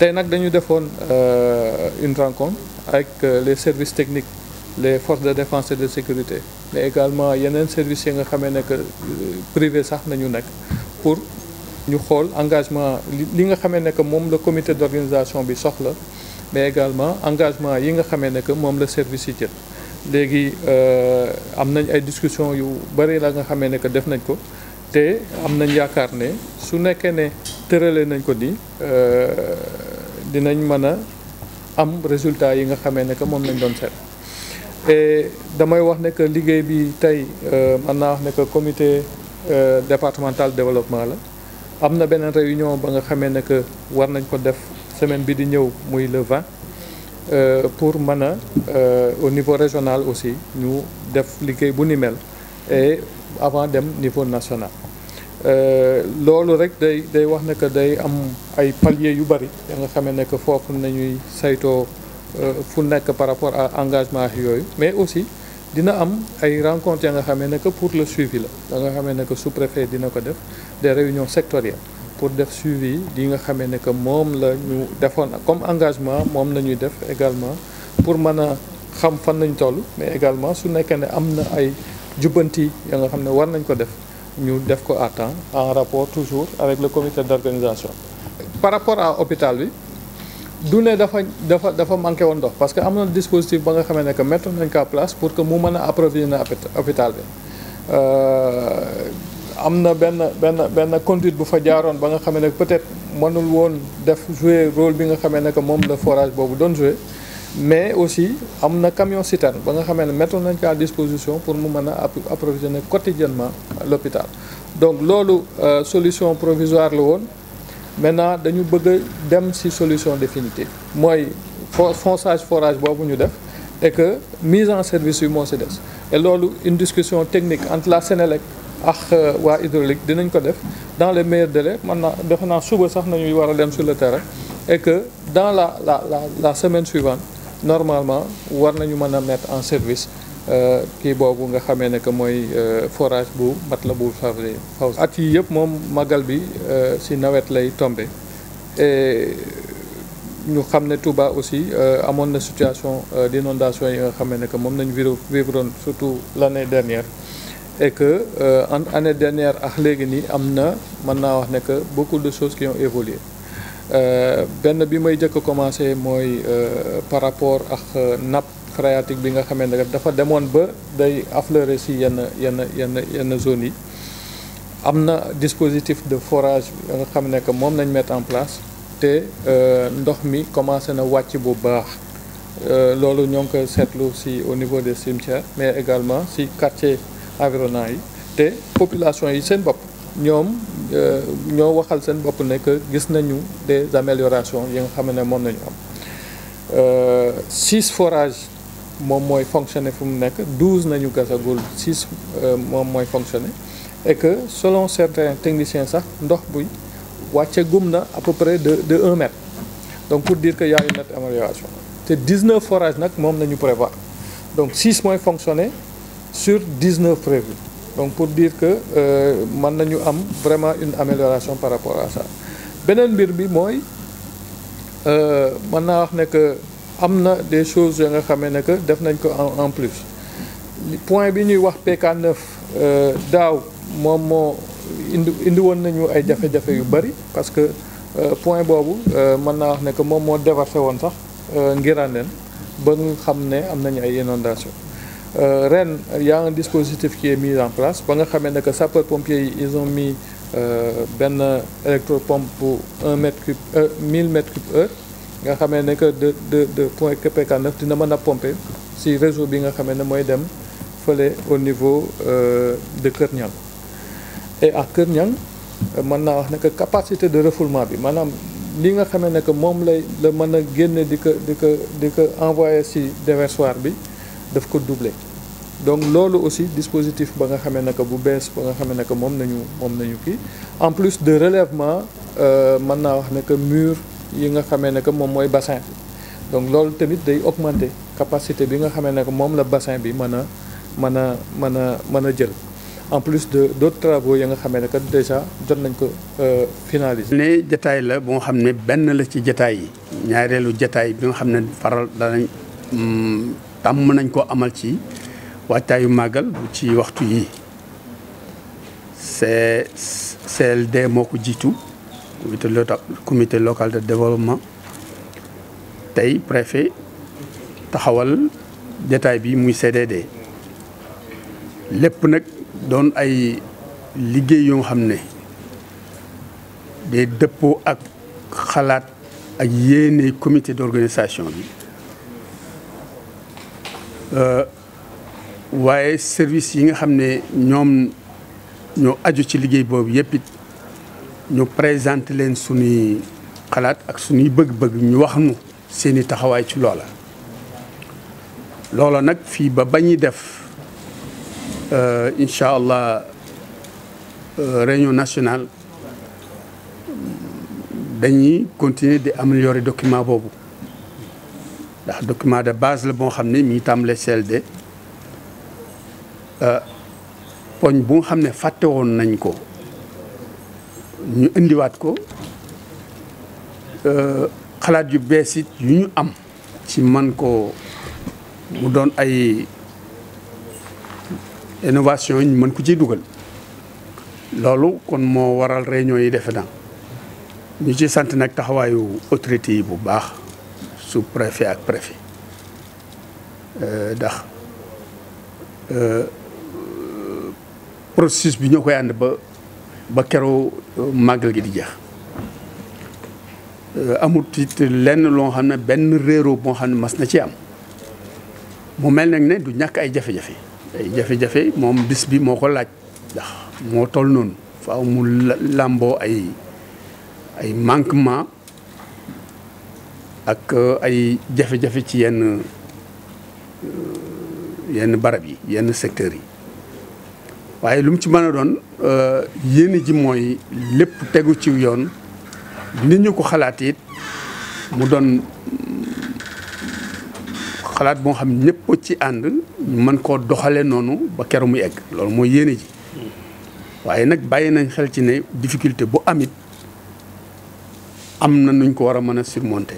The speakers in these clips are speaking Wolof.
tey nag dañu defoon euh, une rencontre ak euh, les services techniques les forces de défense et de sécurité mais également yeneen services yi nga xame ne que euh, privé sax nañu nekk pour ñu xool engagement li nga xamee ne que moom la comité d'organisation bi soxla mais également engagement yi nga xamee ne que moom la service yi jël léegi am nañ ay discussions yu bëri la nga xamee ne que def nañ ko te am nañ yaakaar ne su nekkee ne tëralee nañ ko di euh, dinañ mën a am résultat yi nga xamee ne que moom nañ doon seet et damay wax ne que liggéey bi tey euh, mën naa wax ne que comité euh, départemental développement la am na beneen réunion ba nga xamee ne que war nañ ko def semaine bi di ñëw muy le 20 pour mën a au niveau régional aussi ñu def liggéey bu ni mel avant dem niveau national euh, loolu rek day day wax ne que day am ay paliers yu bëri ya nga xamee ne que foofu nañuy saytoo euh, fu nekk par rapport à engagement yooyu mais aussi dina am ay rencontres ya nga xamee ne que pour le suivi la da nga xamee ne que sous-préfet dina ko def des réunions sectorielles pour def suivi yi nga xamee ne que moom la ñu defoon comme engagement moom la ñuy def également pour mën a xam fan nañ toll mais également su nekkee ne am na ay jubbanti ya nga xam ne war nañ ko def ñu def ko à temps en rapport toujours avec le comité d'organisation par rapport à hôpital bi du ne dafa dafa dafa manqué woon ndox parce que am na dispositif ba nga xamee ne que mettre nañ ko à place pour que mu mën a approvisionner hôpital bi euh, am na benn benn benn conduite bu fa jaaroon ba nga xamee ne peut-être mënul woon def jouer rôle bi nga xamee ne que moom la forage boobu doon jouer mais aussi am na camion citerne ba nga xamee ne mettoon nañ ko à disposition pour mu mën a approvisionner quotidiennement l'hôpital donc loolu euh, solution provisoire la woon maintenant dañu bëgg dem ci solution définitive mooy fonsage forage boobu ñu def et que mise en service yi moo ci des et loolu une discussion technique entre la Sénélec ak euh, waa hydraulique dinañ ko def dans le meilleurs délais mën naa defe naa suba sax nañuy war a dem sur le terrain et que dans la la la la semaine suivante normalement war nañu mën a mettre en service euh, kii boobu nga xamee ne que mooy euh, forage bu Matlaboul Fawzayni at yi yëpp moom magal bi ci euh, nawet lay tombé et ñu xam ne Touba aussi amoon na situation d'inondation yi nga xamee ne que moom nañu vivre vivroon surtout l'année dernière et que en année dernière ak léegi nii am na mën naa wax ne que beaucoup de choses qui ont évolué Euh, benn bi may jëkk a commencé mooy euh, par rapport ak euh, nappe phréatique bi nga xamante ne dafa demoon ba day affleurer ci yenn yenn yenn yenn zones yi am na dispositif de forage nga xam ne que moom nañ mettre en place te ndox mi commencé na wàcc bu baax loolu ñoo ngi ko seetlu ci au niveau des cimetières mais également ci quartier environnant yi te population yi seen bopp ñoom Euh, ñoo waxal seen bopp ne gis nañu des améliorations yi nga xam ne moom nañu am euh, six forages moom mooy fonctionner fu mu nekk douze nañu gasagul six euh, moom mooy fonctionner et que selon certains techniciens sax ndox buy wàcce gum na à peu de de un mètre donc pour dire que y a une nette amélioration te dix-neuf forages nag moom nañu prévoir donc six mooy fonctionner sur dix-neuf prévus donc pour diir que euh, mën nañu am vraiment une amélioration par rapport à ça beneen mbir bi mooy euh, mën naa wax ne que am na des choses ya nga xamee ne que def nañ ko en en plus point bi ñuy wax PK9 euh, daaw moom moo indi indi woon nañu ay jafe-jafe yu bari parce que point boobu mën naa wax ne que moom moo déversé woon sax ngiraan ba nga xam ne am nañu ay inondation Euh, ren il y a un dispositif qui mis en place ba nga xamee ne que sapeur pompier yi ils ont mis euh, benn électropompe bu un mètre cube heure mille mètres cube heure nga xamee ne que de de de point KPK9 dina mën a pomper si réseau bi nga xamee ne mooy dem fële au niveau euh, de Kër Niang et à Kër Niang mën naa wax ne que capacité de refoulement bi maanaam li nga xamee ne que moom lay la mën a génne di ko di ko di ko envoyé si déversoir bi daf ko doubler donc loolu aussi dispositif ba nga xamee ne que bu bees ba nga xamee ne que moom nañu moom nañu kii en plus de relèvement euh, mën naa wax ne que mur yi nga xamee ne que moom mooy bassin donc loolu tamit day augmenter capacité bi nga xamee ne que moom la bassin bi mën a mën a mën a mën a jël en plus de d' autres yi nga xamee ne que déjà jot nañ ko euh, finaliser. ne jataay la boo xam ne benn la ci jataay yi ñaareelu jataay bi nga xam ne faral danañ mm, tàmm nañ ko amal ci. waajtaayu màggal bu ci waxtu yi c'est CLD moo ko jiitu comité local de développement tey préfet taxawal détail bi muy CDD lépp nag doon ay liggéey yoo xam ne day dëppoo ak xalaat ak yéene comité d'organisation bi. Euh, waaye service yi nga xam ne ñoom ñoo aju ci liggéey boobu yëpp ñu présenté leen suñuy xalaat ak suñuy bëgg-bëgg ñu wax nu seeni taxawaay ci loola loola nag fii ba bañuy def euh, incha allah euh, réunion nationale dañuy continuer di améliorer document boobu ndax document de base la boo xam ne mi ngi tàmbalee CLD poñ bu nga xam ne fàtte woon nañ ko ñu indiwaat ko euh, xalaat yu bees it yu ñu am ci man ko mu doon ay innovation ñu mën ko ci dugal loolu kon moo waral réunion yi defe na ñu ci sant nag taxawaayu autorité yi bu baax sous préfet ak préfet euh, ndax euh, processus bi ñoo koy ànd ba ba keroo euh, màggal gi di jeex euh, amut it lenn loo xam ne benn réeroo boo xam ne mas na ci am mu mel nag ne du ñàkk ay jafe-jafe ay jafe-jafe moom bis bi moo ko laaj ndax moo toll noonu faaw mu làmboo ay ay manquement ak euh, ay jafe ci yenn yenn barab yi yenn secteurs yi waaye lu mu ci mën a doon euh, yéene ji mooy lépp tegu ci yoon nit ñu ko xalaat it mu doon xalaat boo xam ñëpp ci ànd man mën koo doxale noonu ba keru mu egg loolu mooy yéene ji waaye nag bàyyi nañ xel ci ne difficulté bu amit am na nuñ ko war a mën a surmonter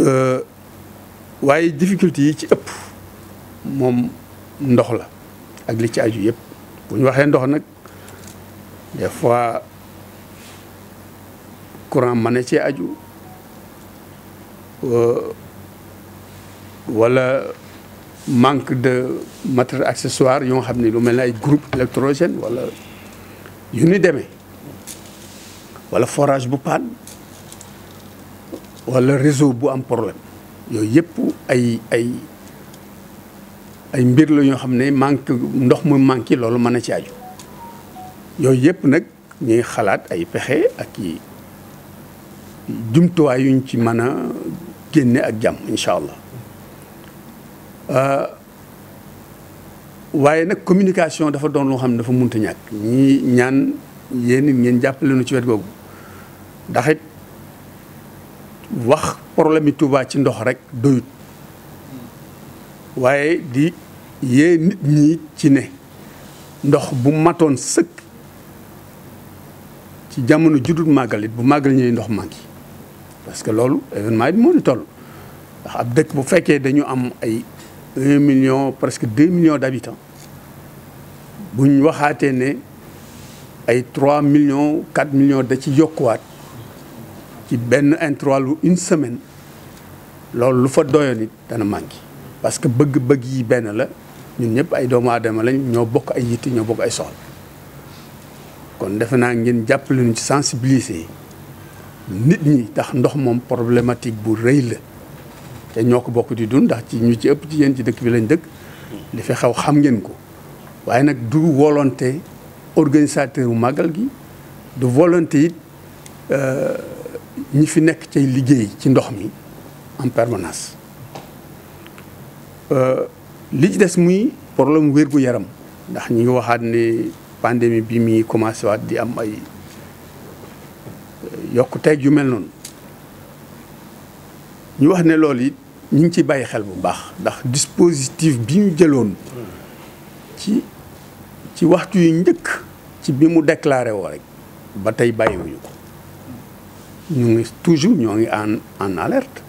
euh, waaye difficulté yi ci ëpp moom ndox la ak li ci aju yëpp bu ñu waxee ndox nag des fois courant mën ci cee aju euh, wala manque de matériel accessoire yoo xam ne lu mel ne ay groupe électrogène wala yu ni demee wala forage bu paan wala réseau bu am problème yooyu yëpp ay ay ay mbir la ñoo xam ne manque ndox mu manqué loolu mën na ci aju yooyu yëpp nag ñuy xalaat ay pexe ak i jumtuwaay yuñ ci mën a génne ak jàmm incha allah euh, waaye nag communication dafa doon loo xam ne dafa munta ñàkk ñi ñaan yéen ngeen jàppale ci wet googu ndax it wax problème yi ci ndox rek doyut waaye di yee nit ñi ci ne ndox bu matoon sëkk ci jamono judul màggal it bu màggal ñëwee ndox yi parce que loolu événement it moo ni toll ndax ab dëkk bu fekkee dañu am ay un million presque deux million d' habitants buñ waxaatee ne ay trois millions quatre millions da ci yokkuwaat ci benn intervalle une semaine loolu lu fa doyoon it dana manqué parce que bëgg-bëgg yi benn la ñun ñëpp ay doomu aadama lañ ñoo bokk ay yitti ñoo bokk ay soxla kon defe naa ngeen jàpp leen ci sensibiliser nit ñi tax ndox moom problématique bu rëy la te ñoo ko bokk di dund ndax ci ñu ci ëpp ci yéen ci dëkk bi lañ dëkk li fi xaw xam ngeen ko waaye nag du volonté organisateur bu màggal gi du volonté it euh, ñi fi nekk ci liggéey ci ndox mi en permanence. Euh, li ci des muy problème wér gu yaram ndax ñu ngi waxaat ne pandémie bi muy commencé waat di am ay euh, yokkuteeg yu mel noonu ñu wax ne lool yi ñu ngi ci bàyyi xel bu baax ndax dispositif bi ñu jëloon ci ci waxtu yu njëkk ci bi mu déclaré woo rek ba tey bàyyiwuñu ko ñu ngi toujours ñoo ngi en en alerte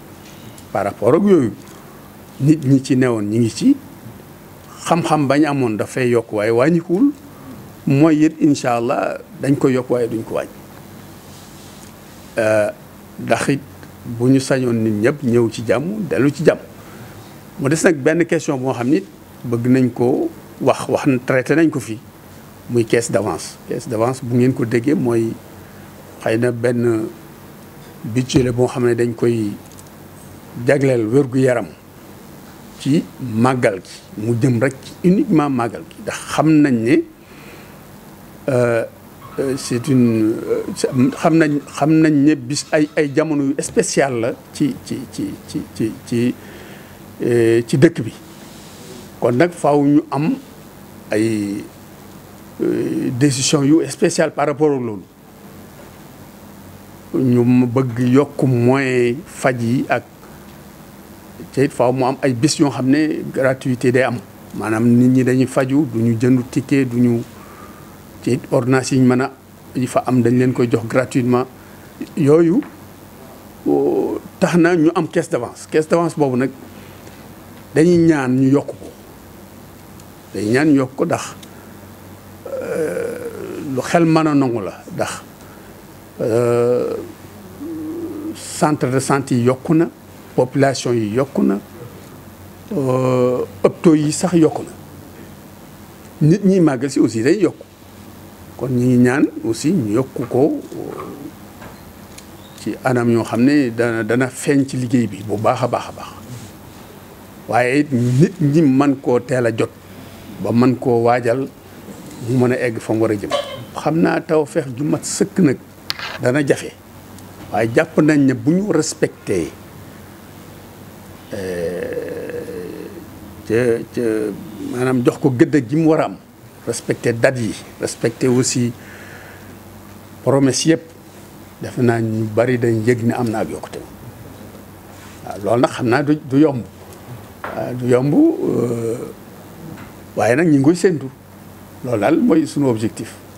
par rapport ak yooyu nit ñi ci newoon ñi ngi ci. xam-xam bañ amoon dafay yokk waaye wàññikuwul mooy it incha allah dañ ko yokk waaye duñ ko wàññ euh, ndax it bu ñu sañoon nit ñëpp ñëw ci jàmm dellu ci jàmm mu des nag benn question boo xam ni bëgg nañ ko wax wax traité nañ ko fii muy caisse d'avance caisse d'avance bu ngeen ko déggee mooy xëy na benn budget la boo xam ne dañ koy jagleel wér-gu-yaram ci màggal gi mu jëm rek uniquement màggal gi ndax xam nañ ni euh, euh, c'est une euh, xam nañ xam nañ ne ay ay jamono yu spécial la ci ci ci ci ci ci ci dëkk bi kon nag faaw ñu am ay décision yu spéciale par rapport ak loolu ñu bëgg yokk moyen faj yi ak te it faaw mu am ay bis yoo xam ne gratuité day am maanaam nit ñi dañuy faju du ñu jënd ticket du ñu te it ordonnance yi mën a yi fa am dañ leen koy jox gratuitement yooyu tax na ñu am caisse d'avance caisse d'avance boobu nag dañuy ñaan ñu yokk ko dañuy ñaan ñu yokk ko ndax euh, lu xel mën a nangu la ndax euh, centre de santé yi yokku na population yi yokku na euh, hôpitaux yi sax yokku na nit ñi màggal si aussi day yokk kon ñu ngi ñaan aussi ñu yokku ko euh, ci anam ñoo xam ne dana feeñ ci liggéey bi bu baax a baax a baax waaye nit ñi man koo teel a jot ba man koo waajal mu mën a egg fa mu war a jëm xam naa taw feex ju mat sëkk nag dana jafe waaye jàpp nañ ne bu ñu respecté ce euh, ca maanaam jox ko gëdd gi mu war a am respecté date yi respecté aussi promesse yëpp defe naa ñu bari dañ yëg ni am na ak yokkute waaw nag xam naa du du yomb du yomb euh, waaye nag ñu ngi koy séntu loolu daal mooy sunu objectif.